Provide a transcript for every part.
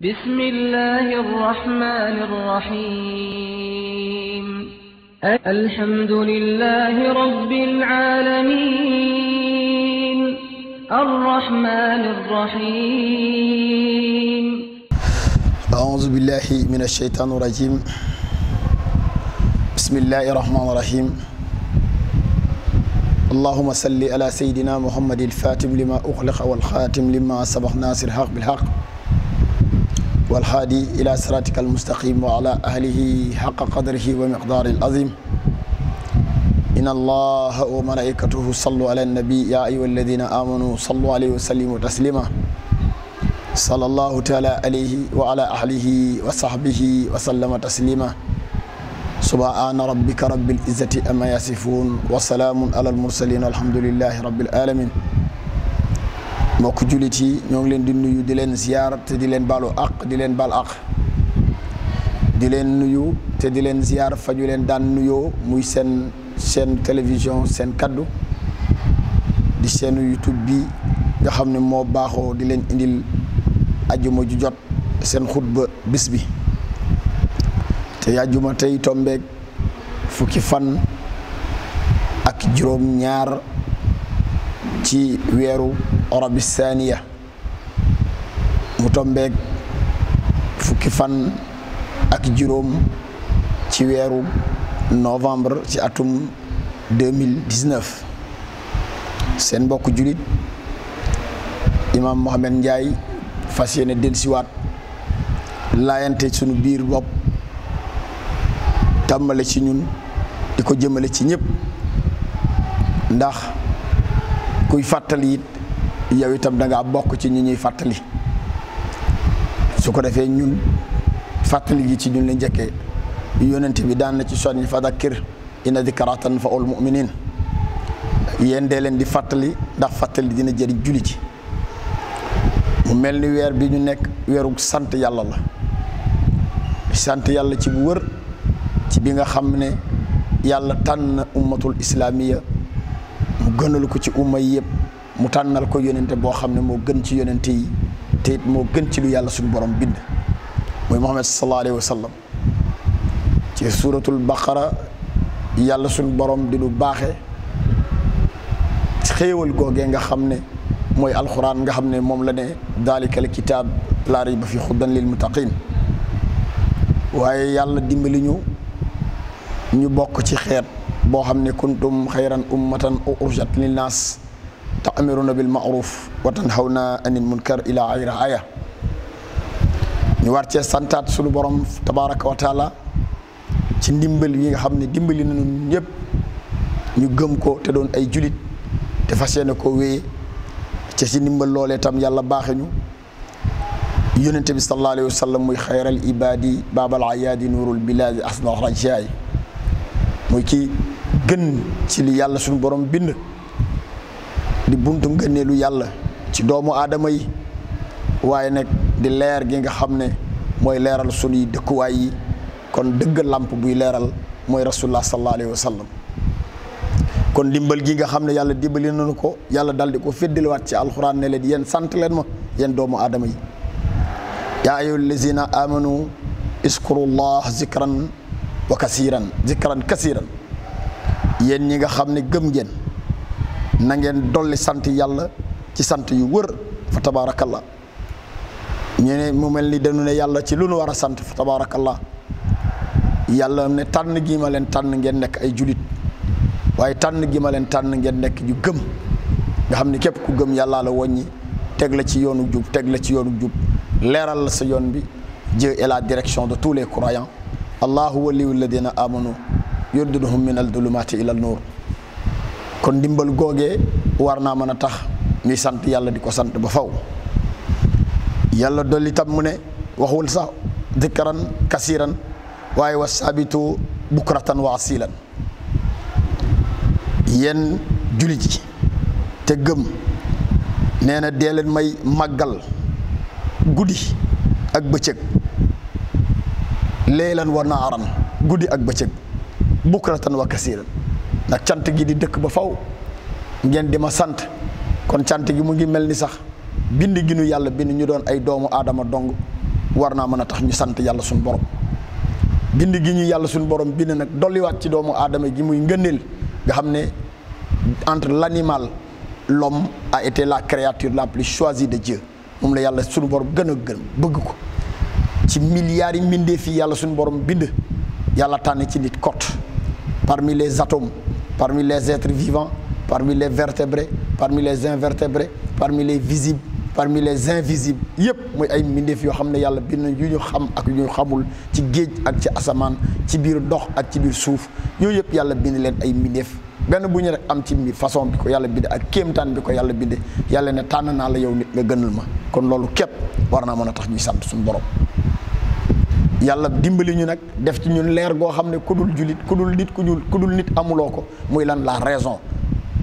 بسم الله الرحمن الرحيم الحمد لله رب العالمين الرحمن الرحيم أعوذ بالله من الشيطان الرجيم بسم الله الرحمن الرحيم اللهم صل على سيدنا محمد الفاتم لما أخلق والخاتم لما سبق ناصر الحق بالحق والحادي إلى صراطك المستقيم وعلى أهله حق قدره ومقدار العظيم إن الله وملائكته صلوا على النبي يا أيها الذين آمنوا صلوا عليه وسلموا تسليما صلى الله تعالى عليه وعلى أهله وصحبه وسلم تسليما سبحان ربك رب العزة أما يصفون وسلام على المرسلين الحمد لله رب العالمين mbokk jullit yi ñoo ngi leen di nuyu di leen ziar te di leen baalu àq di leen baal àq di leen nuyu te di leen ziar fa ñu leen daan nuyoo muy seen seen télévision seen kaddu di seen YouTube bi nga xam ne moo baaxoo di leen indil ajuma ju jot seen xutba bis bi te ajuma tey tombeek fukki fan ak juróom ñaar ci weeru arabi saaniya mu tombeeg fukki fan ak juróom ci weeru novembre ci atum 2019 seen mbokk julit imaam Mohamed Ndiaye fas yéene dellusiwaat layante sunu biir bopp tàmbale ci ñun di ko jëmmale ci ñëpp ndax kuy fàttaliit yow itam danga ngaa bokk ci ñu ñuy fàttali su ko defee ñun fàttali gi ci ñun la njëkkee yonent bi daan na ci son fa dakkir inna dikraa tanfa'ul mu'minin yéen dee leen di fàttali ndax fàttali dina jëriñ julli ci mu mel ni weer bi ñu nekk weeru sant yàlla la sant yàlla ci bu wër ci bi nga xam ne yàlla tànn ummatul islaamiya mu gënal ko ci umma yëpp mu tànnal ko yonente bo xamné mo gën ci yonente yi te mo gën ci lu yàlla suñu borom bind moy muhammad sallallahu alayhi wasallam ci suratul baqara yàlla suñu borom di lu baxé xéewal gogé nga xamné moy alquran nga xamné mom la ne dalikal kitab la rayba fi xuddan lil muttaqin waye yàlla dimbali ñu ñu bok ci xeet bo xamné kuntum khayran ummatan lin nas تأمرون بالمعروف وتنهونا عن المنكر إلى غير آية ñu war cee santaat sunu borom tabaraka wa taala ci ndimbal yi nga xam ne dimbali nañu ñëpp ñu gëm ko te doon ay julit te fas yéene ko wéye ci si ndimbal loolee tam yàlla baaxe ñu yonente bi sallallahu alayhi wa sallam muy xayral ibadi baabal ayaadi nuurul bilaadi asnal rajaay muy ki gën ci li yàlla sunu borom bind di buntu ngëneelu yàlla ci doomu aadama yi waaye nag di leer gi nga xam ne mooy leeral yi dëkkuwaay yi kon dëgg làmp buy leeral mooy rasulullah sallallahu alayhi wa sallam kon dimbal gi nga xam ne yàlla dimbali nañu ko yàlla dal di ko féddaliwaat ci alxuraan ne leen yéen sant leen ma yéen doomu aadama yi yaa ayyuha allazina amanu iskurullah zikran wa kasiran zikran kasiran yéen ñi nga xam ne gëm ngeen na ngeen dolli sant yàlla ci sant yu wër fa tabaarakallah ñu ne mu mel ni dañu ne yàlla ci lu nu war a sant fa tabaarakallah yàlla ne tànn gi ma leen tànn ngeen nekk ay julit waaye tànn gi ma leen tànn ngeen nekk ju gëm nga xam ne képp ku gëm yàlla la woññi teg la ci yoonu jub teg la ci yoonu jub leeral la sa yoon bi Dieu est la direction de tous les croyants allahu waliyu alladina amanu yurdiduhum min aldulumaati ila al nuur kon ndimbal googee war naa mën a tax ñuy sant yàlla di ko sant ba faw yàlla dolli tam mu ne waxul sax dikkaran kasiiran waaye wa saabitu bukratan waa asilan yéen jullit yi te gëm nee na dee may màggal guddi ak bëccëg leelan wa naaran guddi ak bëccëg bukratan wa kasiiran ndax cant gi di dëkk ba faw ngeen di ma sant kon cant gi mu ngi melni sax bind gi nu yàlla bind ñu doon ay doomu adama dong warna naa tax ñu sante yalla suñu borom bind gi ñu yalla suñu borom bind nag wat ci doomu adama gi muy ngeenel nga xamne ne entre l'animal l'homme a été la créature la plus choisie de Dieu mom la yalla suñu borom gën a bëgg ko ci milliards yi mbindee suñu borom bind yalla tan ci nit kott parmi les atomes parmi les êtres vivants, parmi les vertébrés, parmi les invertébrés, parmi les visibles, parmi les invisibles Yep. moi ay mindef yo yalla yu xam ak yu ak ci asaman ci bir ak ci bir souf yo yep yalla bind len ay mindef. rek am ci façon bi ko ak bi ko ne na la yow nit nga gënal ma kon lolu war tax ñuy yalla dimbali ñu nak def ci ñun leer go xamne kudul julit kudul nit kudul nit amuloko muy lan la raison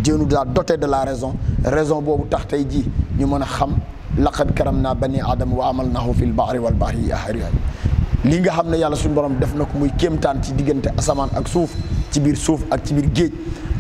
Dieu nous a doté de la raison raison bobu tax tey jii ñu mëna xam laqad karam bani adam wa amal fil bahri wal bahri yahariha li nga xamne yalla suñu borom def nako muy kéemtaan ci diggante asaman ak suuf ci bir suuf ak ci bir géej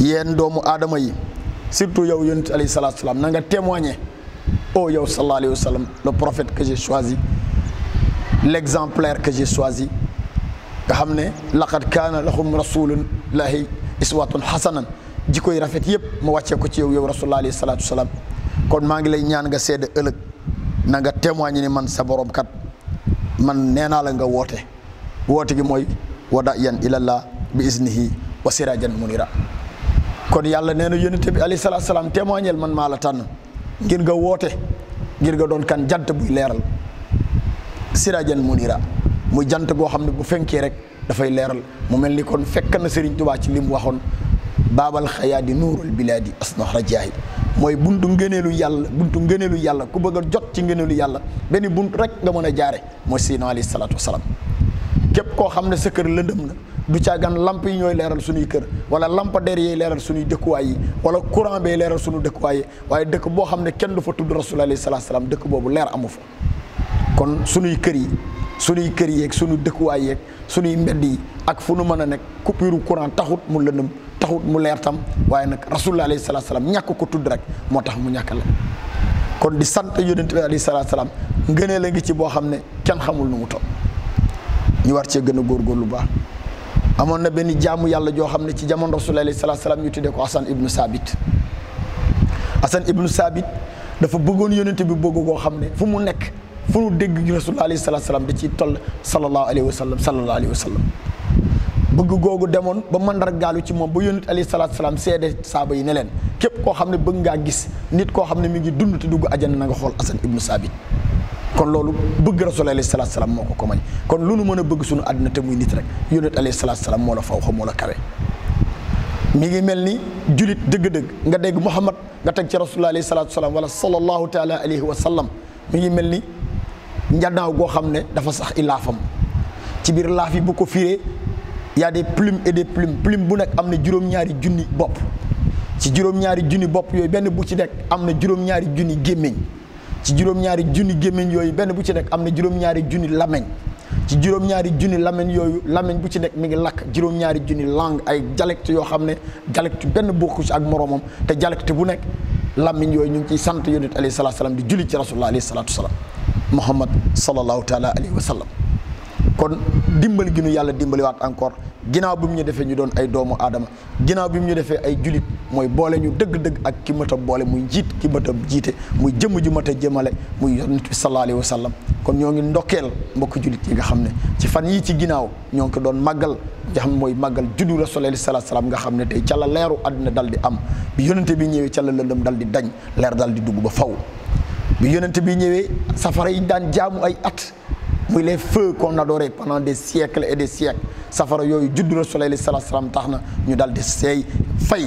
yéen doomu aadama yi surtout yow yonent alayhi salaatu salaam na nga témoigner oh yow sallallahu alayhi le prophète que j'ai choisi l'exemplaire que j'ai choisi nga xam ne laqad kaana lahum rasulullahi iswatun hasanan jikko yi rafet yëpp ma wàccee ko ci yow yow rasulullah alayhi salaatu salaam kon maa ngi lay ñaan nga seede ëllëg na nga témoigner ni man sa borom kat man nee naa la nga woote woote gi mooy wada yan ilallah bi isnihi wa sirajan munira kon yàlla nee na yonent bi alayhi salaatu salaam témoignel man maa la tànn ngir nga woote ngir nga doon kan jant buy leeral siraajan munira mu jant boo xam ne bu fenkee rek dafay leeral mu mel ni kon fekk na Serigne Touba ci li mu waxoon baabal xayaadi nuurul bilaadi asnox rajaahi mooy buntu ngëneelu yàlla buntu ngëneelu yàlla ku bëgg a jot ci ngëneelu yàlla benn bunt rek nga mën a jaare moo Seydina alayhi salaatu wa salaam képp koo xam ne sa kër lëndëm na du caagan lamp yi ñooy leeral suñuy kër wala lampadaire yi leeral suñuy dëkkuwaay yi wala courant bee leeral suñu dëkkuwaay yi waaye dëkk boo xam ne kenn du fa tudd rasul alayhi salaam dëkk boobu leer amu fa kon suñuy kër yi suñuy kër yeeg suñu dëkkuwaay yeeg suñuy mbedd yi ak fu nu mën a nekk coupure courant taxut mu lëndëm taxut mu leer tam waaye nag rasulullah alayhi salaam ñàkk ko tudd rek moo tax mu ñàkk la kon di sant yonent bi alayhi salaatu salaam ngënee la ci boo xam ne kenn xamul nu mu toll ñu war cee gën a góorgóorlu baax amoon na benn jaamu yàlla joo xam ne ci jamono rasulullah alayhi salaatu salaam ñu tuddee ko Hassan ibnu Sabit Hassan ibnu Sabit dafa bëggoon yonent bi bëgg xam ne fu mu nekk fu mu dégg rasulullah alayhi salaatu salaam da ciy toll sallallahu alayhi wa sallam sallallahu alayhi wa sallam bëgg googu demoon ba mandargaalu ci moom ba yonent alayhi salaatu salaam seede saaba yi ne leen képp koo xam ne bëgg ngaa gis nit koo xam ne mi ngi dund te dugg ajana na nga xool Hassan ibnu Sabit kon loolu bëgg rasul alayhi salaatu salaam moo ko ko mañ kon lu nu mën a bëgg suñu àddina te muy nit rek yonent alayhi salaatu salaam moo la faw xam moo la kawe mi ngi mel ni julit dëgg-dëgg nga dégg Muhammad nga teg ci rasulullah alayhi salaatu salaam wala sallallahu taala alayhi wa sallam mi ngi mel ni njanaaw goo xam ne dafa sax i laafam ci biir laaf yi bu ko firee y a des plumes et des bu nekk am na juróom-ñaari junni bopp ci juróom-ñaari junni bopp yooyu benn bu ci nekk am na juróom-ñaari junni gémmiñ ci juróom-ñaari junni gémmiñ yooyu benn bu ci nekk am na juróom-ñaari junni lameñ ci juróom-ñaari junni lameñ yooyu lameñ bu ci nekk mi ngi lakk juróom-ñaari junni langue ay dialecte yoo xam ne dialecte benn bokku ci ak moroomam te dialecte bu nekk lameñ yooyu ñu ngi ciy sant yonent alayhi salaatu salaam di julli ci rasulullah alayhi salaatu salaam muhammad sallallahu taala alayhi wa sallam kon dimbal gi nu yàlla dimbaliwaat encore ginnaaw bi ñu defee ñu doon ay doomu aadama ginnaaw bi mu ñu defee ay julit mooy boole ñu dëgg-dëgg ak ki mat boole muy jiit ki mat a jiite muy jëmm ju mat a jëmale muy yonent bi sallallahu sallam kon ñoo ngi ndokkeel mbokk jullit yi nga xam ne ci fan yii ci ginnaaw ñoo ngi ko doon màggal nga mooy màggal juddu rasulullah sallallahu alayhi wa sallam nga xam ne tey ca la leeru àdduna dal di am bi yonente bi ñëwee ca la lëndëm dal di dañ leer dal di dugg ba faw bi yonente bi ñëwee safara yi daan jaamu ay at muy les feux qu'on adorait pendant des siècles et des siècles safara yooyu juddu rasulullah sallallahu alayhi tax na ñu dal di seey fay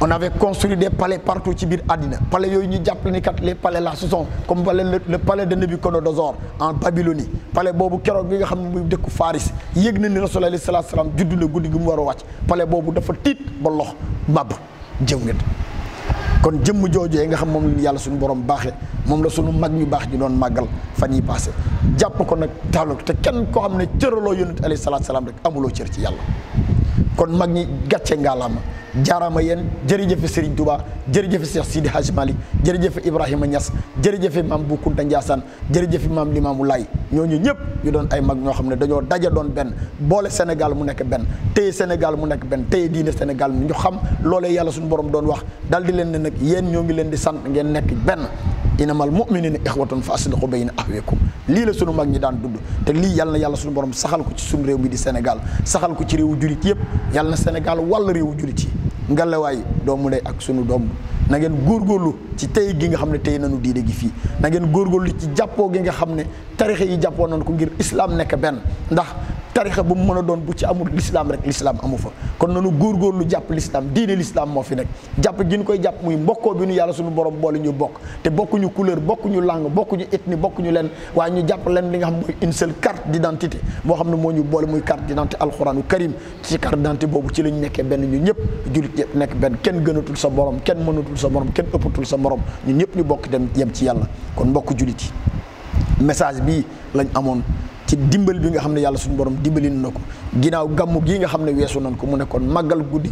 on avait construit des palais partout ci biir Adina. palais yooyu ñu jàppale ni kat les palais là ce sont comme palais le palais de Nebuchadnezzar en Babylonie palais bobu kérok bi nga xam ne muy dëkku Faris Yegna na ni Rasul alayhi salaatu salaam juddu guddi gi mu war palais Bobu dafa tit ba lox màbb jëw nit kon jëmm joojee nga xam mom Yalla suñu borom baxé mom la suñu mag ñu bax ñu doon magal fan passé Japp ko nak taaloo te kenn xamné xam ne cëraloo sallallahu alayhi wasallam rek amulo cër ci Yalla. kon mag ñi gàcce ngaalaama jaaraama yéen jërëjëfe Serigne Touba jërëjëfe Cheikh Sidi Hadj malik jërëjëfe Ibrahima Niass jërëjëfe maam bu Kunta Ndiassane jërëjëfe maam Limaamu Laay ñooñu ñëpp ñu doon ay mag ñoo xam ne dañoo daje doon benn boole Sénégal mu nekk benn téye Sénégal mu nekk benn téye diine Sénégal mu ñu xam loolee yàlla suñu borom doon wax dal di leen ne nag yéen ñoo ngi leen di sant ngeen benn inamal muminina ixwatun fa asliqu bayna ahwikum lii la sunu mag ñi daan dund te lii yàlla na yàlla suñu borom saxal ko ci suñu réew mi di Sénégal saxal ko ci réewu julit yëpp yàlla na Sénégal wàll réewu jullit yi ngalawaay doomu ndey ak sunu doom na ngeen góorlu ci tey gi nga xam ne tey nañu diine gi fii na ngeen góorlu ci jàppoo gi nga xam ne tarixe yi jàppoo nañu ko ngir islam nekk benn ndax tarixa bu mu a doon bu ci amul l'islam rek l'islam amu fa kon nanu góorgóorlu jàpp l'islam diine l'islam moo fi nekk jàpp gi ñu koy jàpp muy mbokkoo bi yàlla suñu borom boole ñu bokk te bokkuñu couleur bokkuñu langue bokkuñu ethnie bokkuñu leen waaye ñu jàpp leen li nga xam mooy une seule carte d'identité moo xam ne ñu boole muy carte d'identité alxuraanu karim ci carte d'identité boobu ci la nekkee benn ñu ñëpp jullit yëpp nekk benn kenn gënatul sa borom kenn mënatul sa morom kenn ëppatul sa morom ñu ñëpp ñu bokk dem yem ci yàlla kon mbokk jullit yi message bi lañ amoon ci dimbal bi nga xam ne yàlla suñu borom dimbali na ko ginnaaw gàmmu gii nga xam ne weesu nañ ko mu nekkoon màggal guddi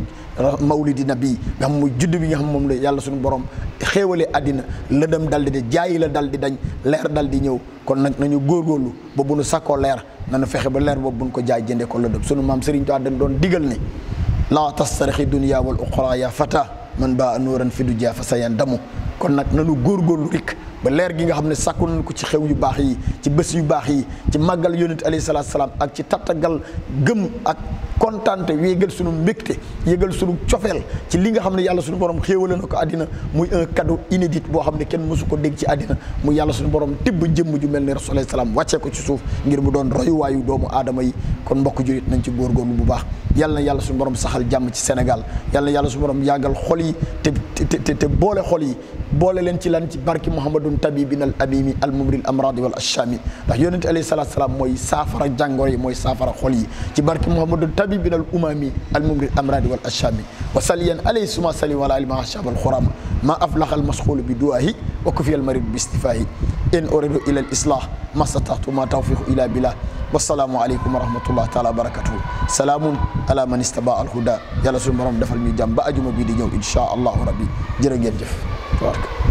mawlidi nabi nga xam mu judd bi nga xam moom la yàlla suñu borom xéewale àddina lëndëm dal di de jaayi la dal di dañ leer dal di ñëw kon nag na ñu góor góorgóorlu ba bu nu sakkoo leer nañu fexe ba leer boobu bu ñu ko jaay jëndee ko lëndëm sunu maam Serigne Touba dañ doon digal ne laa tastarixi dunya wal uxra ya fata man baa nuuran fi du jaa fa sa yan damu ba leer gi nga xam ne sàkkul nañ ko ci xew yu baax yi ci bés yu baax yi ci màggal yonent alayhi salaatu ak ci tattagal gëm ak kontante yéegal sunu mbégte yéegal sunu cofeel ci li nga xam ne yàlla sunu borom xéewale na ko àddina muy un cadeau boo xam ne kenn mësu ko dégg ci àddina mu yàlla sunu borom tibb jëmm ju mel ne rasul alayhi salaam wàccee ko ci suuf ngir mu doon royuwaayu doomu aadama yi kon mbokk jurit nañ ci góorgóorlu bu baax yàlla na yàlla suñu borom saxal jàmm ci Sénégal yàlla na yàlla suñu borom yàggal xol yi te te te boole xol yi boole leen ci lan ci barki Muhammadu tabi al abimi al mumri al amradi wal ashami ndax yonent alayhi salatu salaam mooy saafara jàngoro yi mooy saafara xol yi ci barke muhammadu tabi bin al umami al mumri al amradi wal ashami wa saliyan alayhi suma sali wala alima ashab al khurama ma aflaha al masxulu bi duwahi wa kufiya al marid bi istifahi in uridu ila al islah ma statatu ma tawfiqu ila billah والسلام عليكم ورحمة الله تعالى وبركاته سلام على من استباع الهدى يلا سنبرم دفل ميجان بأجم بيدي يوم إن شاء الله ربي جرن جرجف تبارك